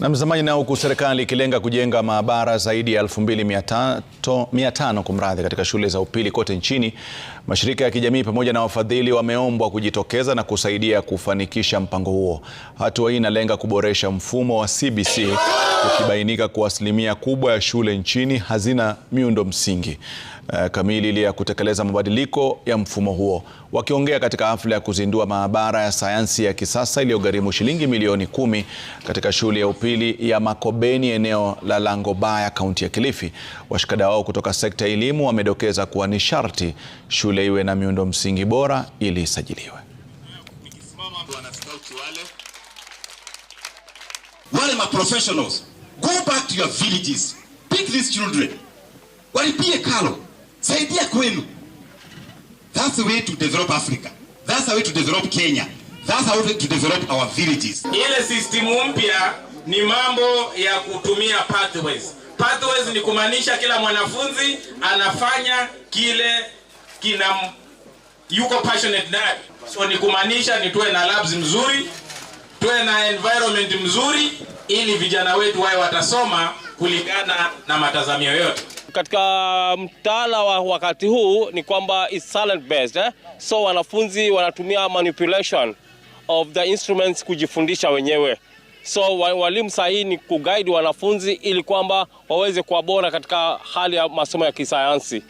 Na mtazamaji, nao huku serikali ikilenga kujenga maabara zaidi ya 2500 kumradhi, katika shule za upili kote nchini, mashirika ya kijamii pamoja na wafadhili wameombwa kujitokeza na kusaidia kufanikisha mpango huo. Hatua hii inalenga kuboresha mfumo wa CBC, ukibainika kuwa asilimia kubwa ya shule nchini hazina miundo msingi. Eh, kamili ili ya kutekeleza mabadiliko ya mfumo huo. Wakiongea katika hafla ya kuzindua maabara ya sayansi ya kisasa iliyogharimu shilingi milioni kumi katika shule ya upili ya Makobeni eneo la Langobaya kaunti ya Kilifi, washikadau wao kutoka sekta ya elimu wamedokeza kuwa ni sharti shule iwe na miundo msingi bora ili isajiliwe. Wale ma professionals, go back to your villages, pick these children, walipie karo saidia kwenu. That's the way to develop Africa. That's the way to develop Kenya. That's how to develop our villages. Ile system mpya ni mambo ya kutumia pathways. Pathways ni kumaanisha kila mwanafunzi anafanya kile kina yuko passionate nayo. So ni kumaanisha ni tuwe na labs mzuri, tuwe na environment mzuri ili vijana wetu wawe watasoma kulingana na matazamio yote. Katika mtaala wa wakati huu ni kwamba is silent based eh? So wanafunzi wanatumia manipulation of the instruments kujifundisha wenyewe. So walimu sahihi ni kuguide wanafunzi ili kwamba waweze kuwa bora katika hali ya masomo ya kisayansi.